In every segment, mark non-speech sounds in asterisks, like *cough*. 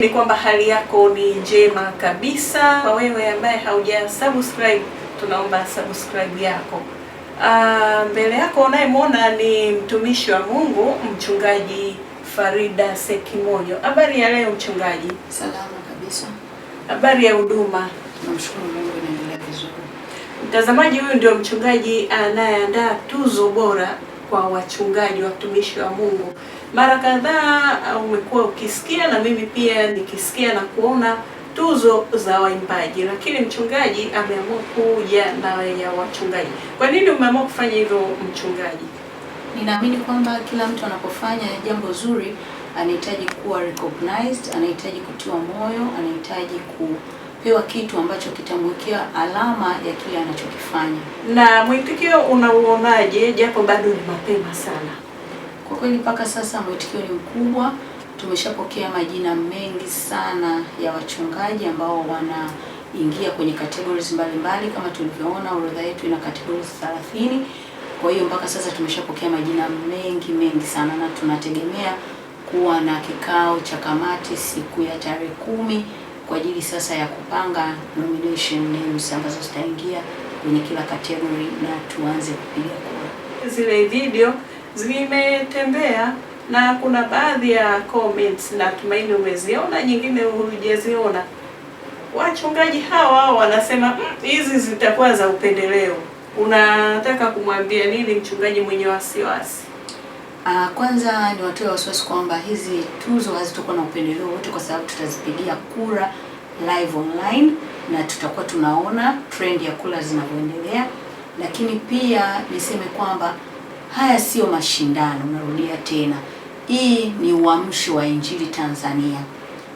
Ni kwamba hali yako ni njema kabisa. Kwa wewe ambaye hauja subscribe, tunaomba subscribe yako. Uh, mbele yako unayemwona ni mtumishi wa Mungu mchungaji Farida Sekimoyo. Habari ya leo mchungaji? Salama kabisa. Habari ya huduma? Tunamshukuru Mungu inaendelea vizuri. Mtazamaji, huyu ndio mchungaji anayeandaa tuzo bora kwa wachungaji, watumishi wa Mungu. Mara kadhaa uh, umekuwa ukisikia na mimi pia nikisikia na kuona tuzo za waimbaji, lakini mchungaji ameamua kuja na ya wachungaji. Kwa nini umeamua kufanya hivyo mchungaji? Ninaamini kwamba kila mtu anapofanya jambo zuri anahitaji kuwa recognized, anahitaji kutiwa moyo, anahitaji ku pewa kitu ambacho kitamwekea alama ya kile anachokifanya. Na mwitikio unauonaje, japo bado ni mapema sana? Kwa kweli mpaka sasa mwitikio ni mkubwa. Tumeshapokea majina mengi sana ya wachungaji ambao wanaingia kwenye categories mbalimbali mbali. Kama tulivyoona orodha yetu ina categories 30. Kwa hiyo mpaka sasa tumeshapokea majina mengi mengi sana na tunategemea kuwa na kikao cha kamati siku ya tarehe kumi kwa ajili sasa ya kupanga nomination names ambazo zitaingia kwenye kila category na tuanze kupiga kura. Zile video zimetembea na kuna baadhi ya comments natumaini umeziona, nyingine hujaziona. Wachungaji hawa wanasema mm, hizi zitakuwa za upendeleo. Unataka kumwambia nini mchungaji mwenye wasiwasi? Uh, kwanza ni watoe wasiwasi kwamba hizi tuzo hazitakuwa na upendeleo wote, kwa sababu tutazipigia kura live online na tutakuwa tunaona trend ya kura zinavyoendelea. Lakini pia niseme kwamba haya sio mashindano, narudia tena, hii ni uamsho wa injili Tanzania.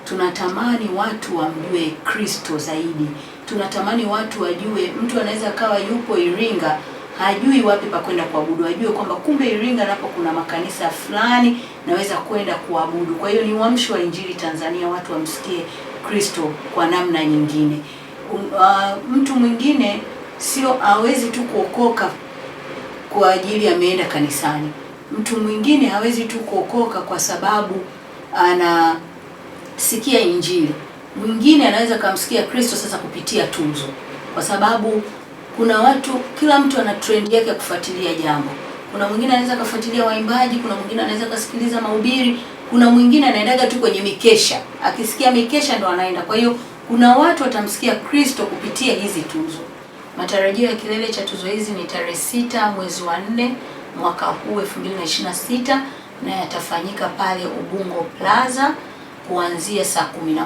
Tunatamani watu wamjue Kristo zaidi, tunatamani watu wajue mtu anaweza akawa yupo Iringa hajui wapi pa kwenda kuabudu, ajue kwamba kumbe Iringa napo kuna makanisa fulani naweza kwenda kuabudu. Kwa hiyo ni uamsho wa injili Tanzania, watu wamsikie Kristo kwa namna nyingine. Um, uh, mtu mwingine sio hawezi tu kuokoka kwa ajili ameenda kanisani. Mtu mwingine hawezi tu kuokoka kwa sababu anasikia injili. Mwingine anaweza kumsikia Kristo sasa kupitia tunzo, kwa sababu kuna watu, kila mtu ana trend yake ya kufuatilia jambo. Kuna mwingine anaweza kafuatilia waimbaji, kuna mwingine anaweza kasikiliza mahubiri, kuna mwingine anaendaga tu kwenye mikesha, akisikia mikesha ndo anaenda. Kwa hiyo kuna watu watamsikia Kristo kupitia hizi tuzo. Matarajio ya kilele cha tuzo hizi ni tarehe sita mwezi wa nne mwaka huu 2026 na yatafanyika pale Ubungo Plaza kuanzia saa 11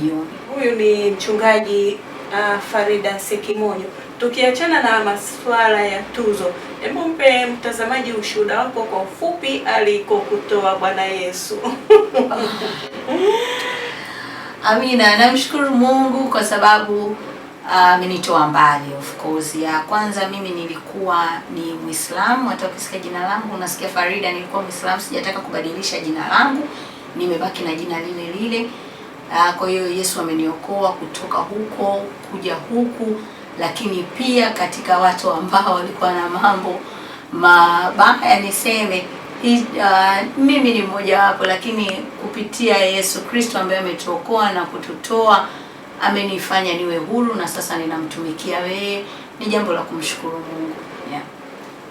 jioni. Huyu ni mchungaji uh, Farida Sekimonyo. Tukiachana na masuala ya tuzo, hebu mpe mtazamaji ushuhuda wako kwa ufupi alikokutoa Bwana Yesu. *laughs* Amina, namshukuru Mungu kwa sababu ah, amenitoa uh, mbali. Of course ya kwanza mimi nilikuwa ni Muislamu, hata ukisikia jina langu unasikia Farida, nilikuwa Muislamu, sijataka kubadilisha jina langu, nimebaki na jina lile lile Ah, kwa hiyo Yesu ameniokoa kutoka huko kuja huku, lakini pia katika watu ambao walikuwa na mambo mabaya niseme uh, mimi ni mmoja wapo, lakini kupitia Yesu Kristo ambaye ametuokoa na kututoa amenifanya niwe huru na sasa ninamtumikia wewe. Ni jambo la kumshukuru Mungu. Yeah.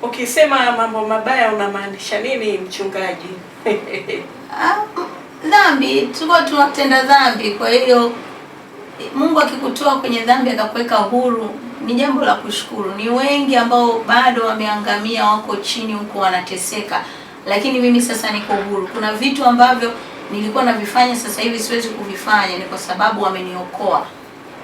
Ukisema mambo mabaya unamaanisha nini mchungaji? *laughs* Ah, dhambi, tulikuwa tunatenda dhambi. Kwa hiyo Mungu akikutoa kwenye dhambi akakuweka huru ni jambo la kushukuru. Ni wengi ambao bado wameangamia, wako chini huko wanateseka, lakini mimi sasa niko huru. Kuna vitu ambavyo nilikuwa navifanya, sasa hivi siwezi kuvifanya, ni kwa sababu wameniokoa.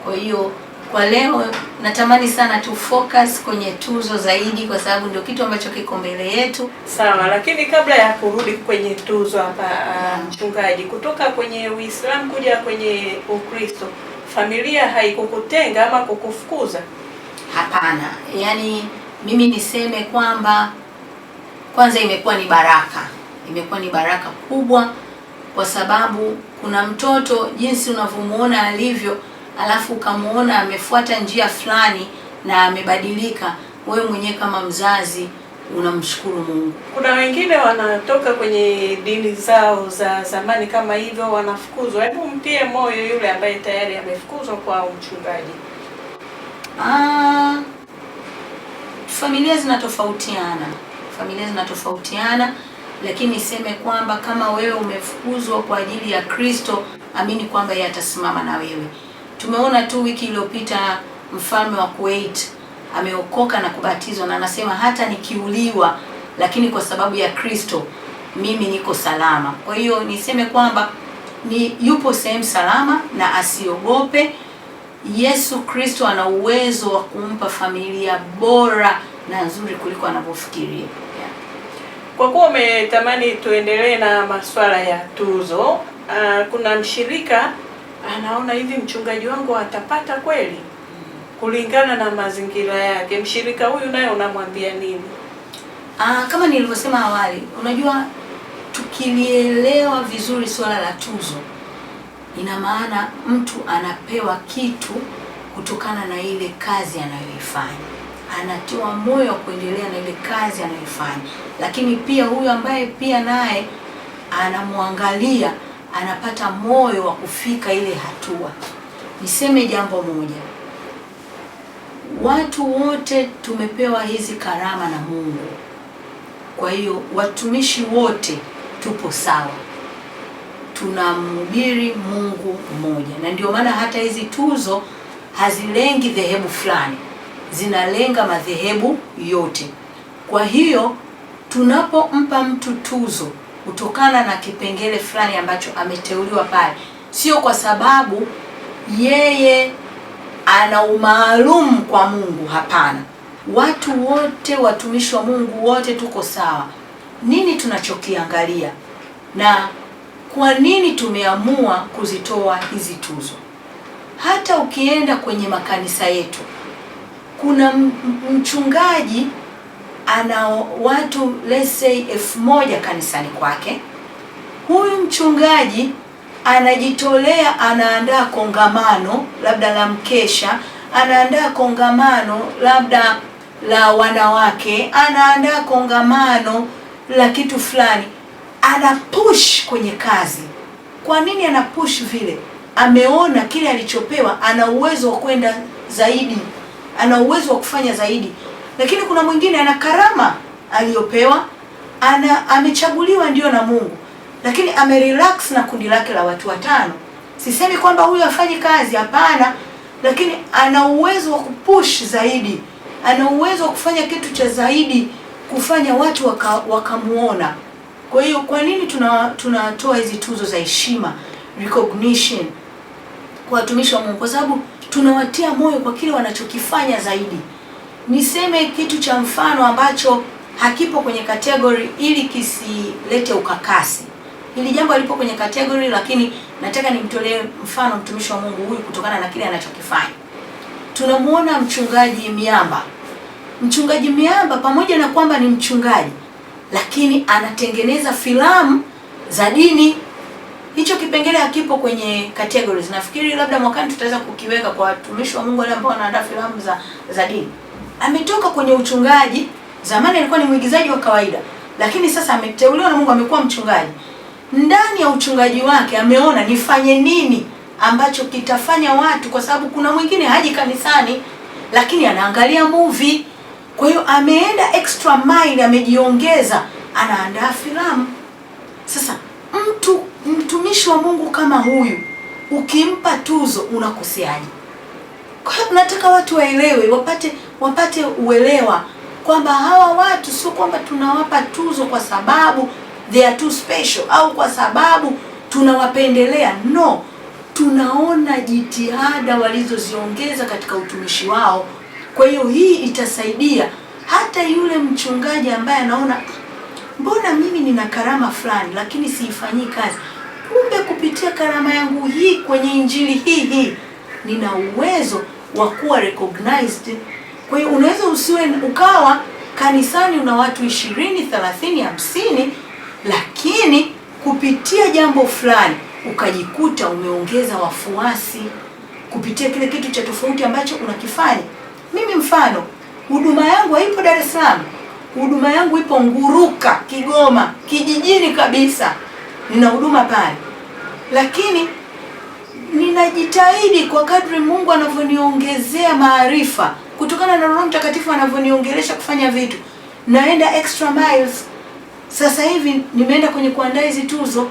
Kwa hiyo kwa leo natamani sana tu focus kwenye tuzo zaidi, kwa sababu ndio kitu ambacho kiko mbele yetu. Sawa, lakini kabla ya kurudi kwenye tuzo hapa, uh, mm. mchungaji, kutoka kwenye Uislamu kuja kwenye Ukristo, familia haikukutenga ama kukufukuza? Hapana, yaani mimi niseme kwamba kwanza imekuwa ni baraka, imekuwa ni baraka kubwa, kwa sababu kuna mtoto jinsi unavyomuona alivyo alafu ukamwona amefuata njia fulani na amebadilika, wewe mwenyewe kama mzazi unamshukuru Mungu. Kuna wengine wanatoka kwenye dini zao za zamani kama hivyo, wanafukuzwa. Hebu mtie moyo yule ambaye tayari amefukuzwa kwa mchungaji. Ah, familia zinatofautiana, familia zinatofautiana, lakini niseme kwamba kama wewe umefukuzwa kwa ajili ya Kristo, amini kwamba yeye atasimama na wewe. Tumeona tu wiki iliyopita mfalme wa Kuwait ameokoka na kubatizwa, na anasema hata nikiuliwa, lakini kwa sababu ya Kristo mimi niko salama. Kwa hiyo niseme kwamba ni yupo sehemu salama na asiogope. Yesu Kristo ana uwezo wa kumpa familia bora na nzuri kuliko anavyofikiria. Kwa kuwa umetamani tuendelee na masuala ya tuzo, uh, kuna mshirika anaona hivi mchungaji wangu atapata kweli kulingana na mazingira yake. Mshirika huyu naye unamwambia nini? Ah, kama nilivyosema awali, unajua tukilielewa vizuri swala la tuzo, ina maana mtu anapewa kitu kutokana na ile kazi anayoifanya anatiwa moyo wa kuendelea na ile kazi anayoifanya, lakini pia huyu ambaye pia naye anamwangalia anapata moyo wa kufika ile hatua. Niseme jambo moja, watu wote tumepewa hizi karama na Mungu. Kwa hiyo watumishi wote tupo sawa, tunamhubiri Mungu mmoja, na ndio maana hata hizi tuzo hazilengi dhehebu fulani, zinalenga madhehebu yote. Kwa hiyo tunapompa mtu tuzo kutokana na kipengele fulani ambacho ameteuliwa pale, sio kwa sababu yeye ana umaalumu kwa Mungu. Hapana, watu wote, watumishi wa Mungu wote tuko sawa. Nini tunachokiangalia na kwa nini tumeamua kuzitoa hizi tuzo? Hata ukienda kwenye makanisa yetu kuna mchungaji ana watu let's say elfu moja kanisani kwake, huyu mchungaji anajitolea, anaandaa kongamano labda la mkesha, anaandaa kongamano labda la wanawake, anaandaa kongamano la kitu fulani, ana push kwenye kazi. Kwa nini ana push vile? Ameona kile alichopewa, ana uwezo wa kwenda zaidi, ana uwezo wa kufanya zaidi. Lakini kuna mwingine ana karama aliyopewa, ana amechaguliwa ndio na Mungu, lakini amerelax na kundi lake la watu watano. Sisemi kwamba huyu afanye kazi, hapana, lakini ana uwezo wa kupush zaidi, ana uwezo wa kufanya kitu cha zaidi, kufanya watu wakamuona waka kwa hiyo kwa nini tunatoa tuna hizi tuzo za heshima recognition kwa watumishi wa Mungu? Kwa sababu tunawatia moyo kwa kile wanachokifanya zaidi niseme kitu cha mfano ambacho hakipo kwenye kategori ili kisilete ukakasi. Hili jambo lipo kwenye kategori, lakini nataka nimtolee mfano mtumishi wa Mungu huyu kutokana na kile anachokifanya. Tunamuona mchungaji miamba. Mchungaji miamba pamoja na kwamba ni mchungaji, lakini anatengeneza filamu za dini. Hicho kipengele hakipo kwenye categories. Nafikiri labda mwakani tutaweza kukiweka kwa watumishi wa Mungu wale ambao wanaandaa filamu za za dini ametoka kwenye uchungaji. Zamani alikuwa ni mwigizaji wa kawaida, lakini sasa ameteuliwa na Mungu, amekuwa mchungaji. Ndani ya uchungaji wake ameona nifanye nini ambacho kitafanya watu, kwa sababu kuna mwingine haji kanisani, lakini anaangalia movie. Kwa hiyo ameenda extra mile, amejiongeza, anaandaa filamu. Sasa mtu mtumishi wa Mungu kama huyu ukimpa tuzo unakoseaje? Kwa hiyo nataka watu waelewe, wapate wapate uelewa kwamba hawa watu sio kwamba tunawapa tuzo kwa sababu they are too special au kwa sababu tunawapendelea. No, tunaona jitihada walizoziongeza katika utumishi wao. Kwa hiyo hii itasaidia hata yule mchungaji ambaye anaona mbona mimi nina karama fulani lakini siifanyii kazi, kumbe kupitia karama yangu hii kwenye injili hii hii nina uwezo wa kuwa recognized kwa hiyo unaweza usiwe ukawa kanisani una watu ishirini, thelathini, hamsini, lakini kupitia jambo fulani ukajikuta umeongeza wafuasi kupitia kile kitu cha tofauti ambacho unakifanya. Mimi mfano, huduma yangu haipo Dar es Salaam, huduma yangu ipo Nguruka, Kigoma, kijijini kabisa, nina huduma pale, lakini ninajitahidi kwa kadri Mungu anavyoniongezea maarifa kutokana na Roho Mtakatifu anavyoniongelesha kufanya vitu, naenda extra miles. Sasa hivi nimeenda kwenye kuandaa hizi tuzo.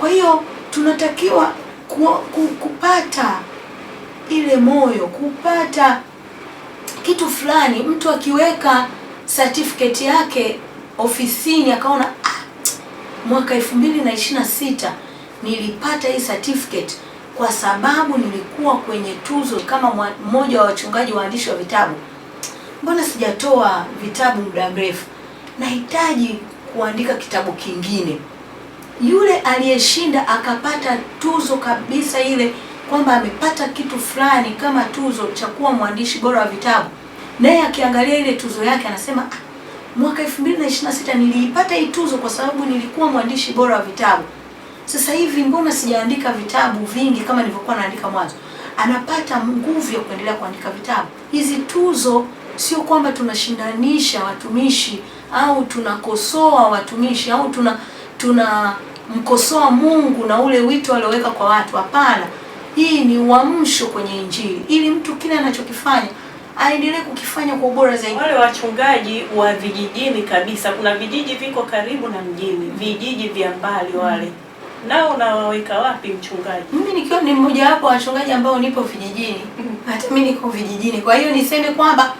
Kwa hiyo tunatakiwa ku, ku, kupata ile moyo, kupata kitu fulani. Mtu akiweka certificate yake ofisini akaona ah, mwaka 2026 nilipata hii certificate kwa sababu nilikuwa kwenye tuzo kama mmoja wa wachungaji waandishi wa vitabu, mbona sijatoa vitabu muda mrefu? Nahitaji kuandika kitabu kingine. Yule aliyeshinda akapata tuzo kabisa ile, kwamba amepata kitu fulani kama tuzo cha kuwa mwandishi bora wa vitabu, naye akiangalia ile tuzo yake anasema ah, mwaka 2026 niliipata hii tuzo kwa sababu nilikuwa mwandishi bora wa vitabu sasa hivi mbona sijaandika vitabu vingi kama nilivyokuwa naandika mwanzo? Anapata nguvu ya kuendelea kuandika vitabu. Hizi tuzo sio kwamba tunashindanisha watumishi au tunakosoa watumishi au tuna tunamkosoa Mungu na ule wito alioweka kwa watu. Hapana, hii ni uamsho kwenye Injili, ili mtu kile anachokifanya aendelee kukifanya kwa ubora zaidi. Wale wachungaji wa vijijini kabisa, kuna vijiji viko karibu na mjini, vijiji vya mbali wale nao unawaweka wapi mchungaji? Mimi nikiwa ni mmoja wapo wachungaji ambao nipo vijijini, mm-hmm. hata mimi niko vijijini. Kwa hiyo niseme kwamba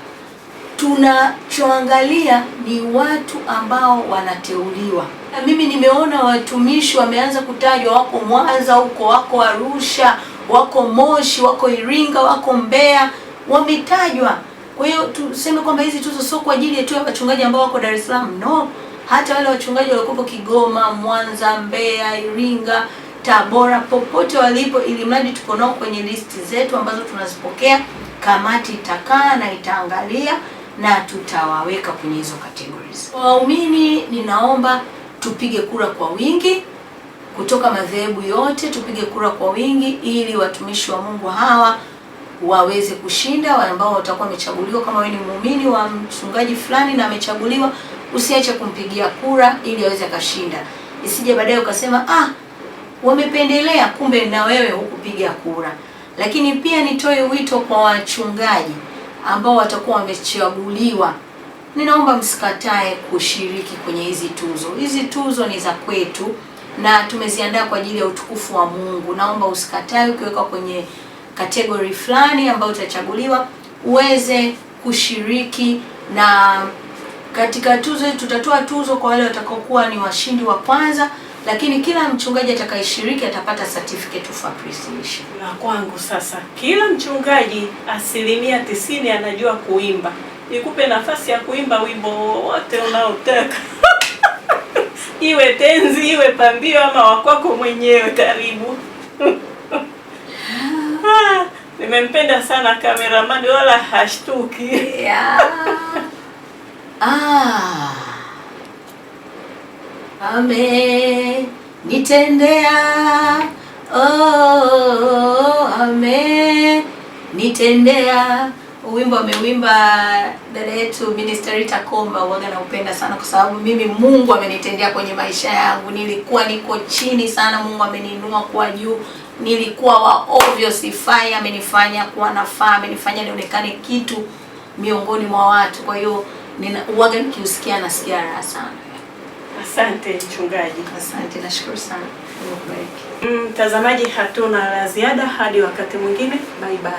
tunachoangalia ni watu ambao wanateuliwa. Na mimi nimeona watumishi wameanza kutajwa, wako Mwanza huko, wako Arusha, wako Moshi, wako Iringa, wako Mbeya, wametajwa. Kwa hiyo tuseme kwamba hizi tuzo sio kwa ajili tu ya wachungaji ambao wako Dar es Salaam, no hata wale wachungaji waliokuwepo Kigoma, Mwanza, Mbeya, Iringa, Tabora, popote walipo, ili mradi tuko nao kwenye listi zetu ambazo tunazipokea. Kamati itakaa na itaangalia na tutawaweka kwenye hizo categories. Waumini, ninaomba tupige kura kwa wingi kutoka madhehebu yote, tupige kura kwa wingi ili watumishi wa Mungu hawa waweze kushinda, ambao watakuwa wamechaguliwa. Kama wewe ni muumini wa mchungaji fulani na amechaguliwa usiache kumpigia kura ili aweze akashinda, isije baadaye ukasema ah, wamependelea, kumbe na wewe hukupiga kura. Lakini pia nitoe wito kwa wachungaji ambao watakuwa wamechaguliwa, ninaomba msikatae kushiriki kwenye hizi tuzo. Hizi tuzo ni za kwetu na tumeziandaa kwa ajili ya utukufu wa Mungu. Naomba usikatae, ukiwekwa kwenye kategori fulani ambayo utachaguliwa uweze kushiriki na katika tuzo tutatoa tuzo kwa wale watakaokuwa ni washindi wa kwanza, lakini kila mchungaji atakayeshiriki atapata certificate of appreciation. Na kwangu sasa, kila mchungaji asilimia tisini anajua kuimba, nikupe nafasi ya kuimba wimbo wowote unaotaka *laughs* iwe tenzi, iwe pambio ama wakwako mwenyewe. Karibu. *laughs* Ah, nimempenda sana kameramani, wala hashtuki yeah. Ah, nitendea oh, nitendea Wimbo amewimba dada yetu Minister Rita Komba, uwaga naupenda sana kwa sababu mimi Mungu amenitendea kwenye maisha yangu. Nilikuwa niko chini sana, Mungu ameniinua kuwa juu. Nilikuwa wa ovyo, sifai, amenifanya kuwa nafaa, amenifanya nionekane kitu miongoni mwa watu. Kwa hiyo nina uwaga nikiusikia nasikia raha sana. Asante mchungaji. Asante, nashukuru sana. Mm, mtazamaji, hatuna la ziada hadi wakati mwingine. Bye bye.